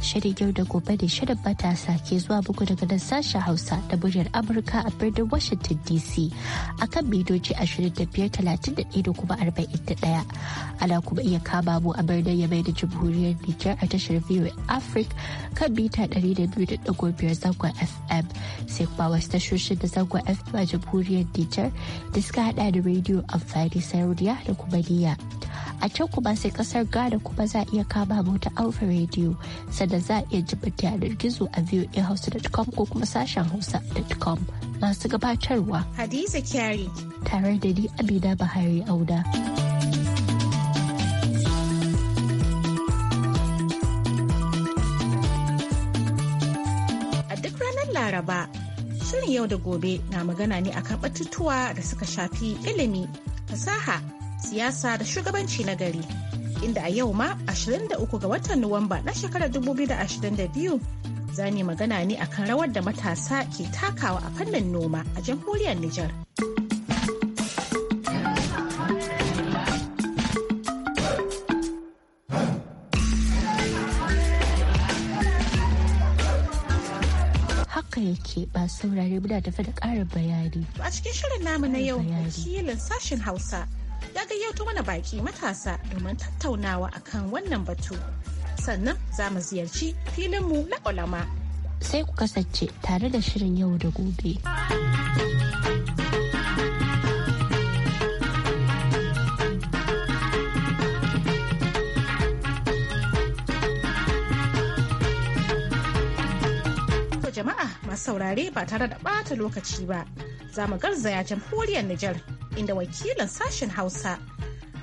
shirin yau da gobe da shirin matasa ke zuwa buku daga nan sashen hausa da muryar amurka a birnin washington dc kan midoji 2531 da kuma 41 ana kuma iya kama mu a birnin yamai da jamhuriyar nijar a tashar a africa kan mita 200.5 zangon fm sai kuma wasu tashoshin da zangon fm a jamhuriyar nijar da suka hada da radio amfani sarauniya da kuma niyya. a can kuma sai kasar ghana kuma za a iya kama mu ta alfa radio sannan za a iya ji yanar gizo a voahouse.com ko kuma sashen hausa.com masu gabatarwa hadiza kyari tare da ni amina bahari auda. Laraba. Shirin yau da gobe na magana ne akan batutuwa da suka shafi ilimi, fasaha, siyasa da shugabanci na gari. Inda a yau ma 23 ga watan Nuwamba na shekarar 2022 za ne magana ne akan rawar da matasa ke takawa a fannin noma a jamhuriyar Nijar. haka yake ba saurare da tafi da ƙara bayani. A cikin shirin namu na yau wakilin sashen Hausa ya gayyato mana baki matasa domin tattaunawa akan wannan batu. Sannan za mu ziyarci filinmu na olama Sai ku kasance tare da shirin yau da gobe. jama'a masu saurare ba tare da ɓata lokaci ba za mu garzaya jamhuriyar Nijar inda wakilin sashen Hausa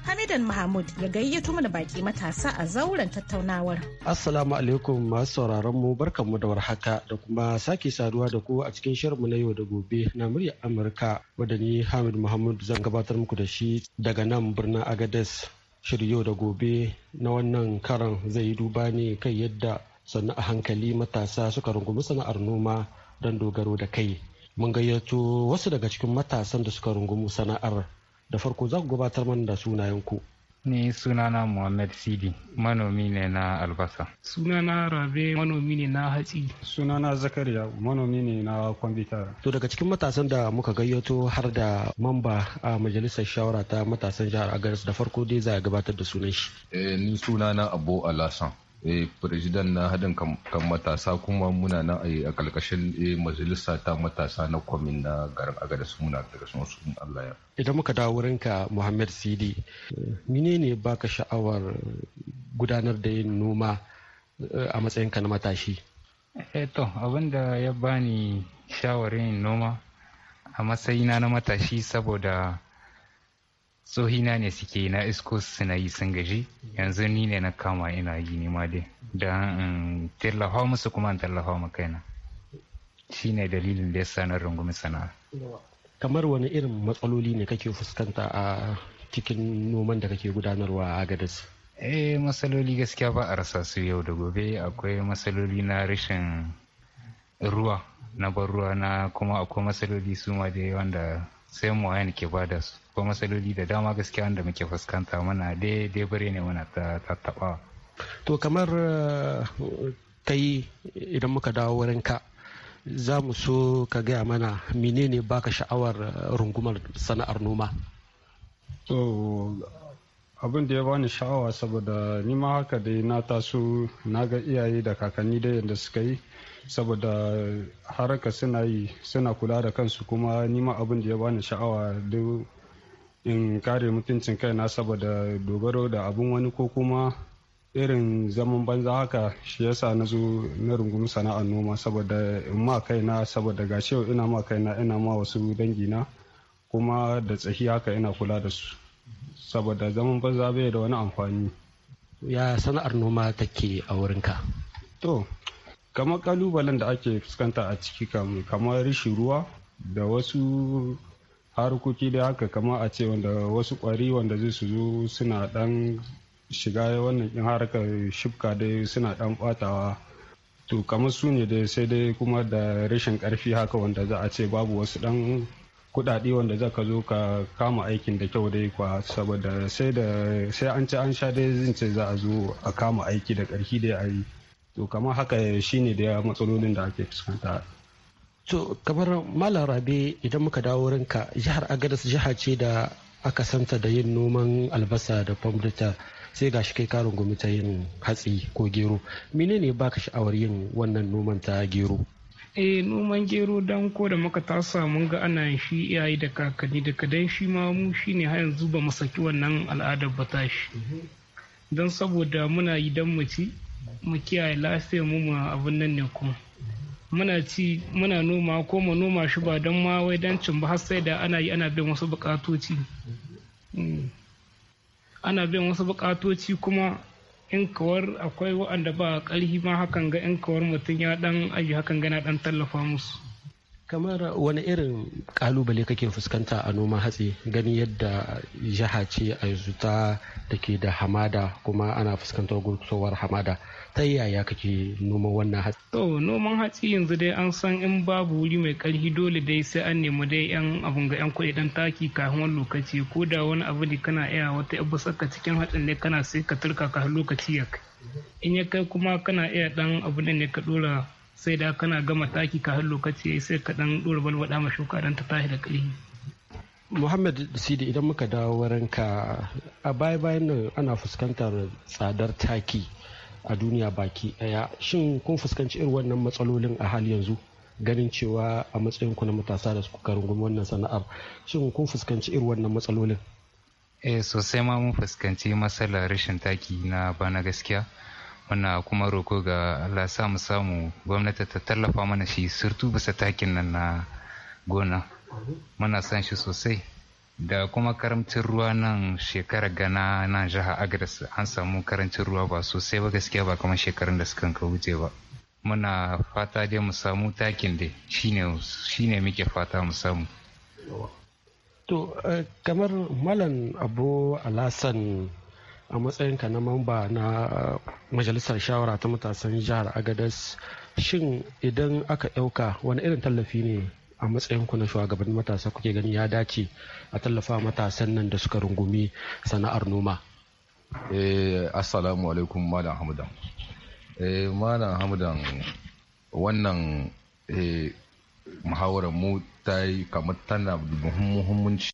Hamidan Mahmud ya gayyato mana baki matasa a zauren tattaunawar. Assalamu alaikum masu sauraron mu barkanmu da warhaka da kuma sake saduwa da ku a cikin mu na yau da gobe na muryar Amurka wadda ni Hamid Mahmud zan gabatar muku da shi daga nan birnin Agadez. Shiryo da gobe na wannan karan zai yi duba ne kai yadda sannu a hankali matasa suka rungumi sana'ar noma don dogaro da kai mun gayyato wasu daga cikin matasan da suka rungumi sana'ar da farko za ku gabatar mana da sunayenku. Ni sunana Muhammad Sidi, manomi ne na albasa. Sunana Rabe, manomi ne na hatsi. Sunana Zakariya, manomi ne na kwamfuta. To daga cikin matasan da muka gayyato har da mamba a majalisar shawara ta matasan jihar agaris da farko dai za a gabatar da sunan shi. Eh, ni sunana abu Alasan. firijidan eh, na haɗin kan matasa kuma muna nan a ƙarƙashin eh, majalisa ta matasa na kwamin na garin su muna daga sun su Allah ya. Idan muka dawo wurinka Muhammad Sidi, mine ne ba ka sha'awar gudanar da yin noma eh, a matsayinka na matashi? Eto, abinda ya bani shawarin noma a matsayina na matashi saboda tsohina ne suke na isko suna yi sun gaji yanzu ni ne na kama ina yi ma dai don tallafa musu kuma in tallafa ma kaina shi ne dalilin da ya sa na rungumi sana'a kamar wani irin matsaloli ne kake fuskanta a cikin noman da kake gudanarwa a gadas eh matsaloli gaskiya ba a rasa su yau da gobe akwai matsaloli na rashin ruwa na ban ruwa na kuma akwai matsaloli su ma da wanda sai mu wayan ke bada su ko matsaloli da dama gaskiya wanda muke fuskanta mana daidai bare ne muna ta tattabawa to kamar eh, kai idan muka dawo wurin ka za mu so ka gaya mana menene baka sha'awar eh, rungumar sana'ar noma abin da ya bani sha'awa saboda ni ma haka dai na taso na ga iyaye da kakanni da yadda suka yi saboda haraka suna yi suna kula da kansu kuma ni ma abin da ya bani sha'awa duk in kare mutuncin kaina saboda dogaro da abin wani ko kuma irin zaman banza haka shi yasa na zo na rungumi sana'a noma saboda in ma kaina saboda ga ina ma kaina ina ma wasu dangina kuma da tsahi haka ina kula da su saboda zaman banza bai da wani amfani ya sana'ar noma take a wurinka to kamar kalubalen da ake fuskanta a ciki kamar rishin ruwa da wasu harkoki da haka kamar a ce wanda wasu kwari wanda zai su zo suna dan shiga wannan in harkar shifka dai suna dan batawa to kamar su ne dai sai dai kuma da rashin karfi haka wanda za a ce babu wasu dan kuɗaɗe wanda za ka zo ka kama aikin da kyau dai kwa saboda sai da sai an ci an sha dai ce za a zo a kama aiki da ƙarfi dai a yi to kamar haka shine da matsalolin da ake fuskanta to kamar malam rabe idan muka dawo rinka jihar agadas jiha ce da aka santa da yin noman albasa da famdata sai gashi kai karin gumi ta yin hatsi ko gero menene baka sha'awar yin wannan noman ta gero eh noman gero dan ko da muka tasa mun ga ana yin shi iyaye da kakanni da kadan shi ma mu shine har yanzu ba mu saki wannan al'adar ba tashi don saboda muna yi dan mu ci mu kiyaye lafiyar mu ma abin nan ne kuma muna ci muna noma ko mu noma shi ba don ma wai dan cin ba har sai da ana yi ana bin wasu bukatoci hmm. ana bin wasu bukatoci kuma in kawar akwai waɗanda ba ƙarfi ma hakan ga in kawar mutum ya dan aji hakan gana dan tallafa musu kamar wani irin kalubale kake fuskanta a noman hatsi gani yadda jiha ce a yanzu ta da ke da hamada kuma ana fuskantar gurkusowar hamada ta yaya kake noman wannan hatsi to noman hatsi yanzu dai an san in babu wuri mai karfi dole dai sai an nemi dai yan abun ga yan kuɗi dan taki kafin wani lokaci ko da wani abu ne kana iya wata yabba saka cikin hatsin ne kana sai ka turka ka lokaci ya kai in ya kai kuma kana iya dan abu ne ka dora sai da kana gama taki ka har lokaci sai ka dan dora balbada ma shuka dan ta tashi da ƙarfi Muhammad Sidi idan muka dawo ka a baya bayan nan ana fuskantar tsadar taki a duniya baki daya shin kun fuskanci irin wannan matsalolin a hali yanzu ganin cewa a matsayin ku na matasa da suka rungumi wannan sana'ar shin kun fuskanci irin wannan matsalolin eh sosai ma mun fuskanci matsalar rashin taki na bana gaskiya muna kuma roko ga Allah samu samu gwamnati ta tallafa mana shi surtu bisa takin nan na gona muna san shi sosai da kuma karamcin ruwa nan shekarar gana nan jihar agadas an samu karamcin ruwa ba sosai ba gaskiya ba kamar shekarun da suka wuce ba muna fata dai mu samu takin dai shine muke fata mu samu to eh, kamar malam abu alasan a matsayinka na mamba na uh, majalisar shawara ta matasan jihar agadas shin idan aka ɗauka wani irin tallafi ne a matsayin ku na shugaban matasa kuke gani ya dace a tallafa matasan nan da suka rungumi sana'ar noma eh, assalamu alaikum malam hamdan eh, malam hamdan wannan eh, muhawarar mu ta yi kamar tana muhimmanci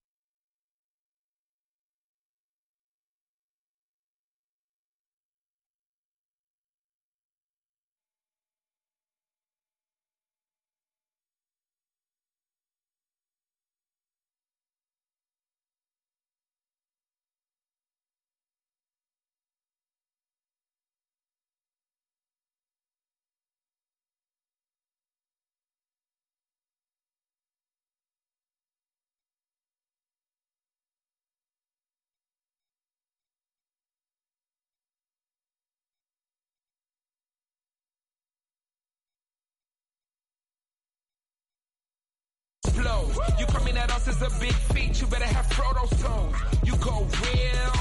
Thanos is a big feat, you better have Frodo soon. You go real,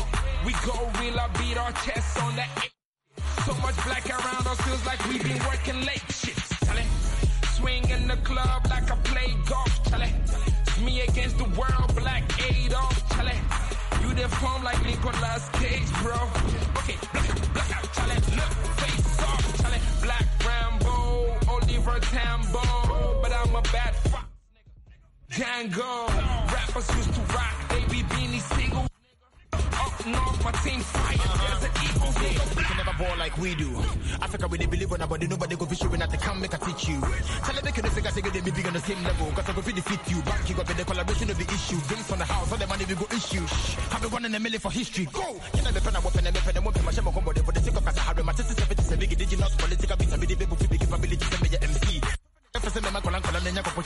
we go real, I beat our chests on that. So much black around us feels like we've been working late shifts, Charlie. Swing in the club like I play golf, Charlie. It's me against the world, black Adolf, Charlie. You deform like Nicolas Cage, bro. Okay, black, black out, Charlie. Look, face off, Charlie. Black Rambo, Oliver Tambo. But I'm a bad Django. Rappers used to rock, Baby beanie single. Up north, my team fire. There's an eagle okay. can never ball like we do. Africa, we they believe on nobody, nobody go fish you when I come make I teach you. Tell them they can figure, say they be big on the same level. Cause I go fit defeat you. Back you got in the collaboration of the issue. Drinks on the house, all the money we go issue. Shh. Have one in a million for history. Go! You know, the pen, I weapon, and the pen, and weapon, my shame, my combo, they for the sake of us. I have my sister, 77 big indigenous political beats, I be the people, people, capabilities, and your MC. I call and call and then for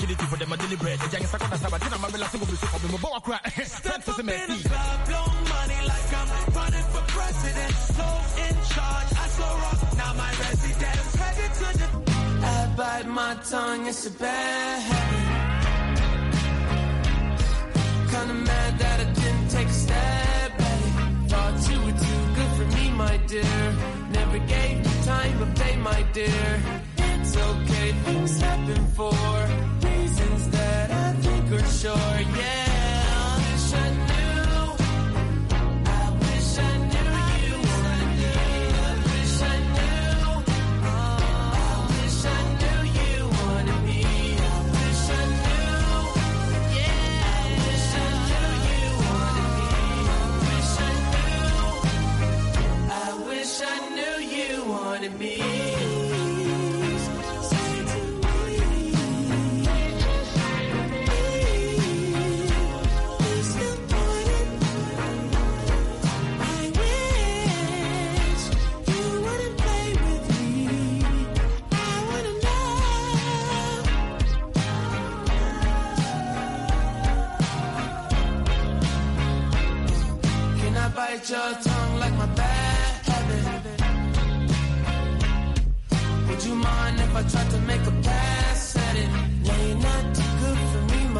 me, me. blow money like I'm running for president. So in charge, I slow rock, now my residence. Headed to the... I bite my tongue, it's a bad habit. Kinda mad that I didn't take a step at it. Thought you were too good for me, my dear. Never gave me time of day, my dear it's okay. It's for reasons that I think are sure. Yeah.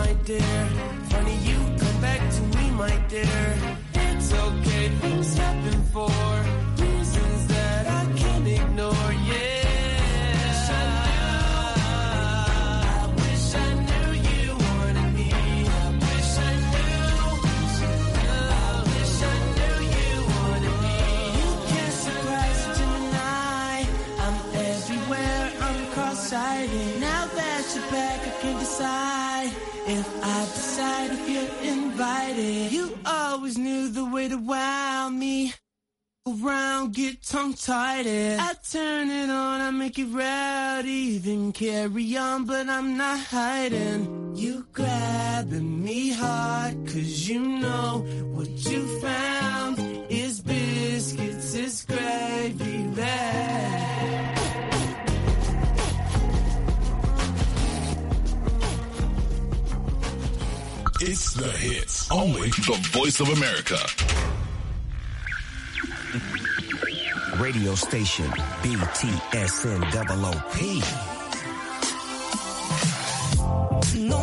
my dear. Funny you come back to me, my dear. It's okay. it around me. Around, get tongue tied. I turn it on, I make it rowdy. Then carry on, but I'm not hiding. You grabbing me hard, cause you know what you found is biscuits, is gravy left. It's the hits. Only the voice of America. Radio station BTSN No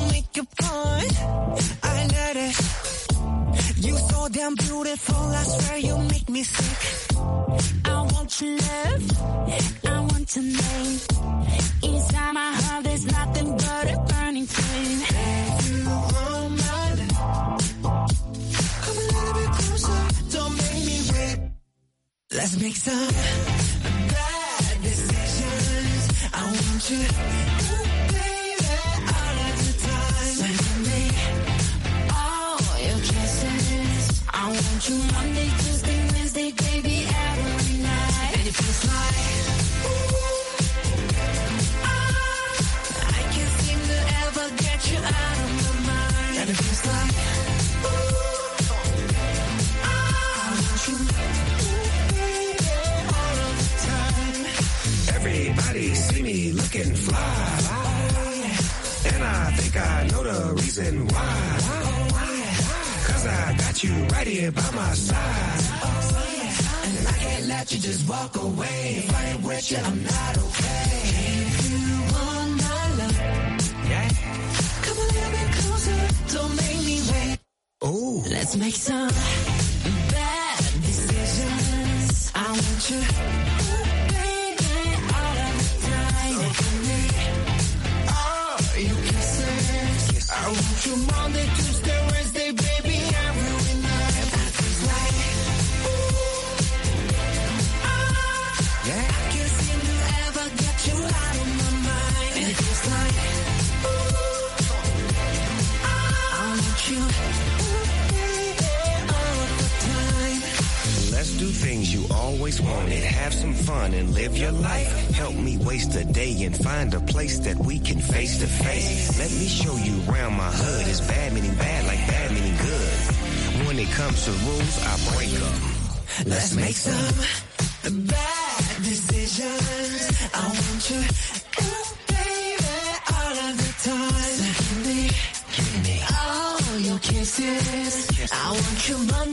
I let it. You so damn beautiful, I swear you make me sick. I want I want Let's make some bad decisions. I want you, baby, all of the time. all your I want you Monday, here by my side. Oh, yeah. And I can't let you just walk away. If I ain't with you, I'm not okay. Can you want my love, yeah. come a little bit closer. Don't make me wait. Oh, let's make some bad decisions. I want you. Oh, I want you Monday, Tuesday. and live your life. Help me waste a day and find a place that we can face to face. Let me show you around my hood. It's bad meaning bad like bad meaning good. When it comes to rules, I break them. Let's, make some bad decisions. I want you, ooh, baby, all of the time. So give me, give me all your kisses. I want you. money.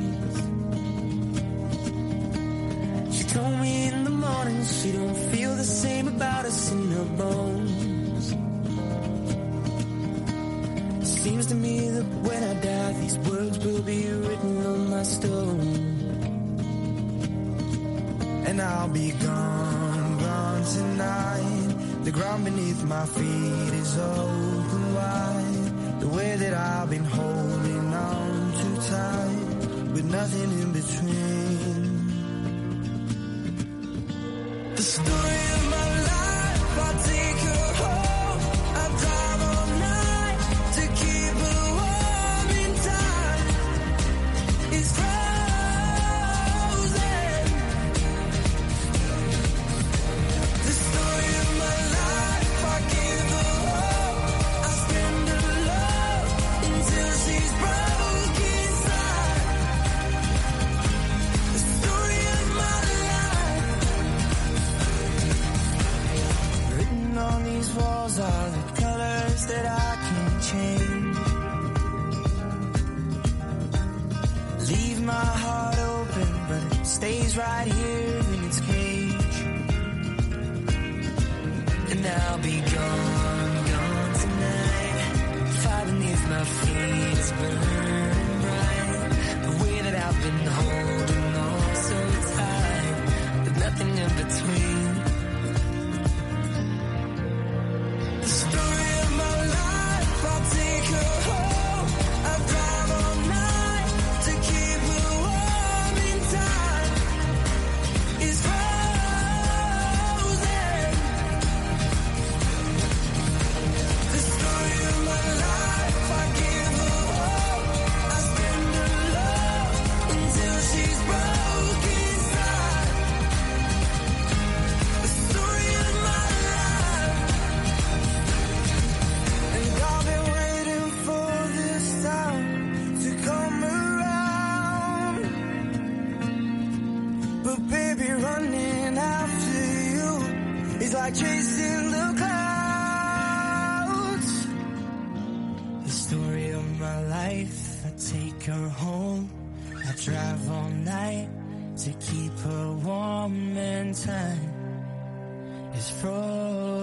She don't feel the same about us in her bones. seems to me that when I die, these words will be written on my stone. And I'll be gone, gone tonight. The ground beneath my feet is open wide. The way that I've been holding on too tight, with nothing in between the story my feet is burning bright, the way that I've been holding. like chasing the clouds. The story of my life, I take her home. I drive all night to keep her warm and time is frozen.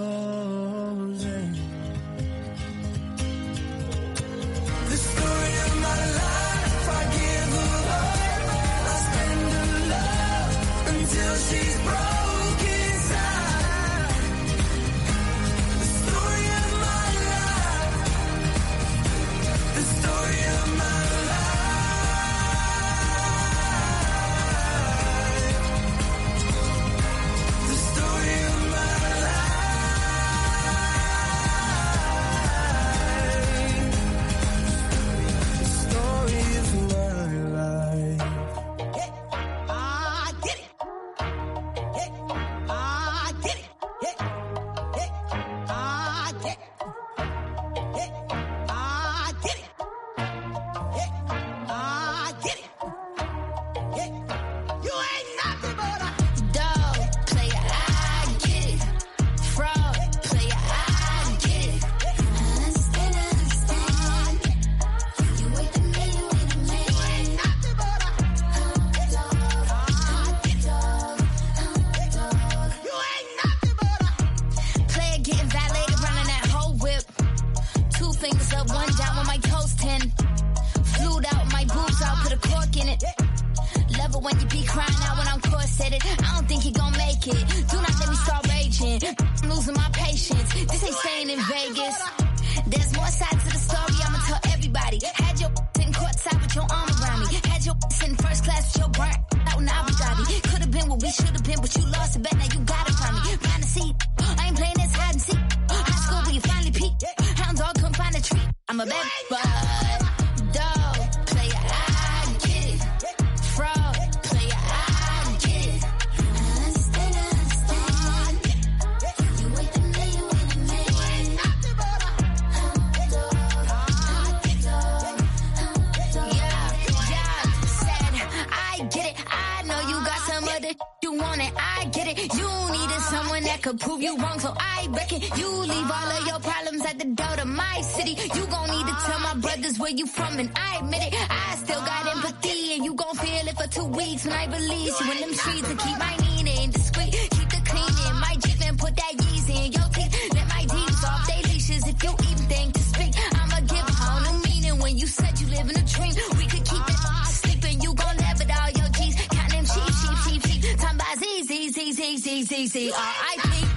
Uh, I think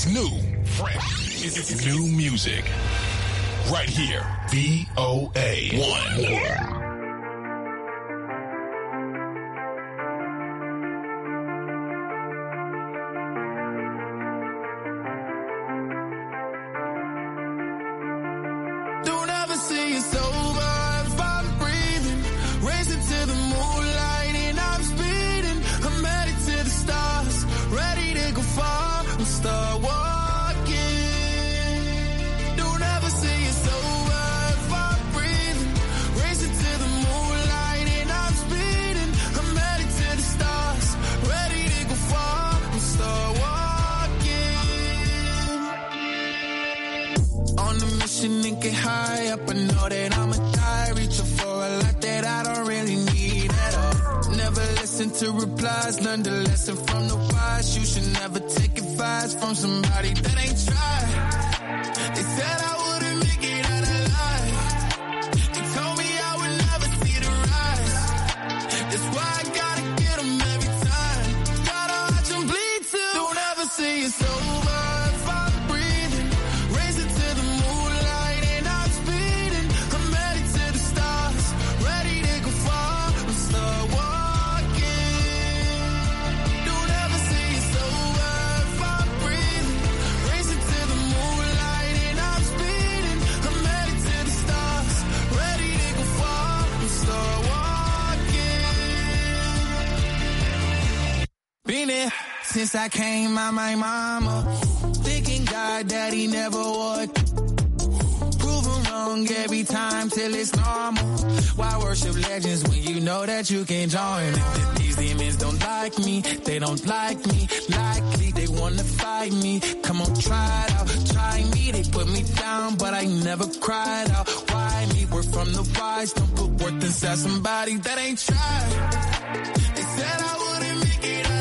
It's new, fresh. new music. Right here. VOA 1. Tension and get high up. I know that I'ma die. Reaching for a lot that I don't really need at all. Never listen to replies. Learn the lesson from the wise. You should never take advice from somebody that ain't tried. They said I Been it since I came out my mama. Thinking God daddy never would. Proven wrong every time till it's normal. Why worship legends when you know that you can join? These demons don't like me, they don't like me. Likely they wanna fight me. Come on, try it out, try me. They put me down, but I never cried out. Why me? We're from the wise, don't put worth inside somebody that ain't tried. They said I wouldn't make it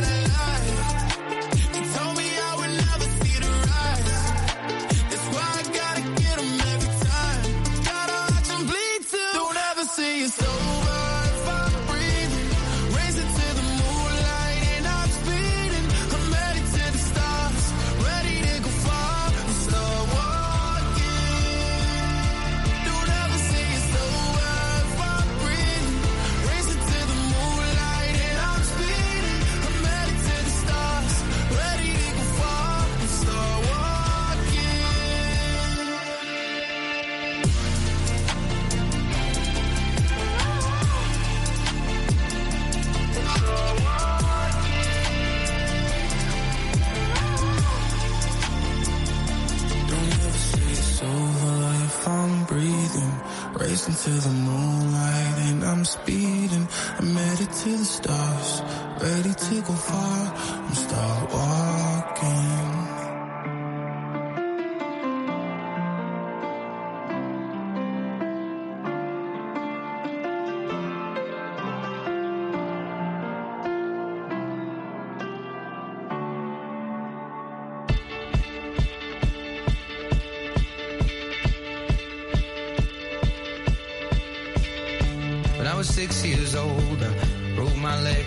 When I was six years old, I broke my leg.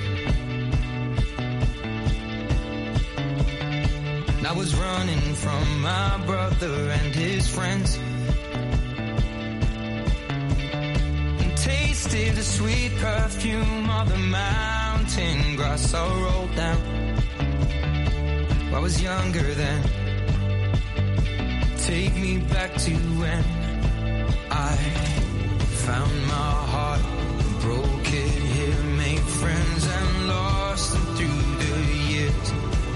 And I was running from my brother and his friends. And tasted the sweet perfume of the mountain grass I rolled down. I was younger then. Take me back to when I found my heart friends and lost them through the years.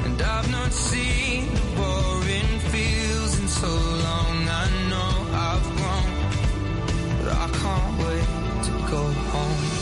And I've not seen the boring fields in so long. I know I've grown, but I can't wait to go home.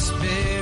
space.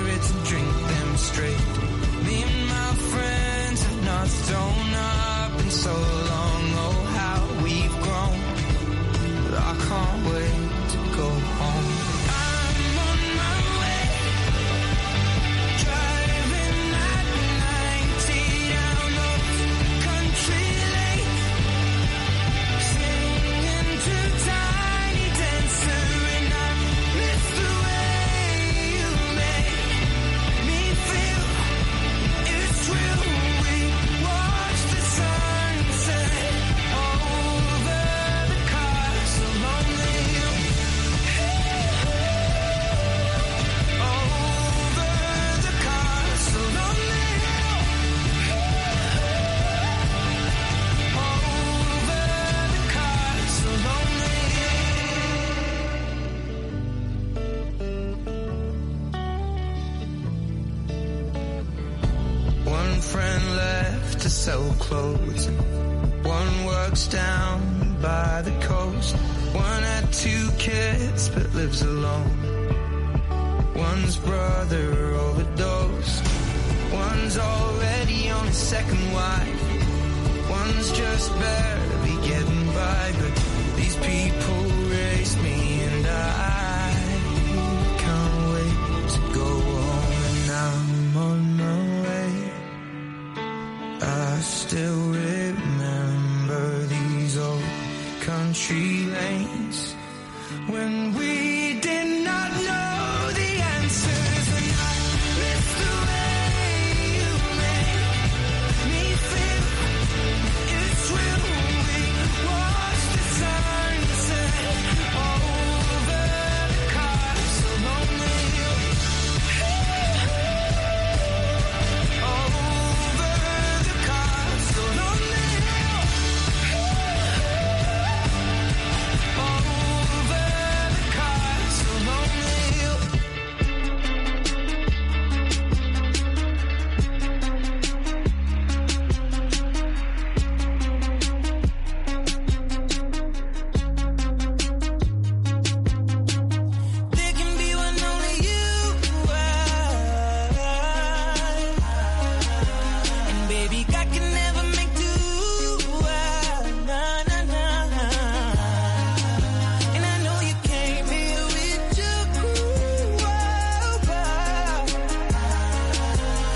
sell clothes. One works down by the coast. One had two kids but lives alone. One's brother overdosed. One's already on his second wife. One's just barely getting by, but these people raised me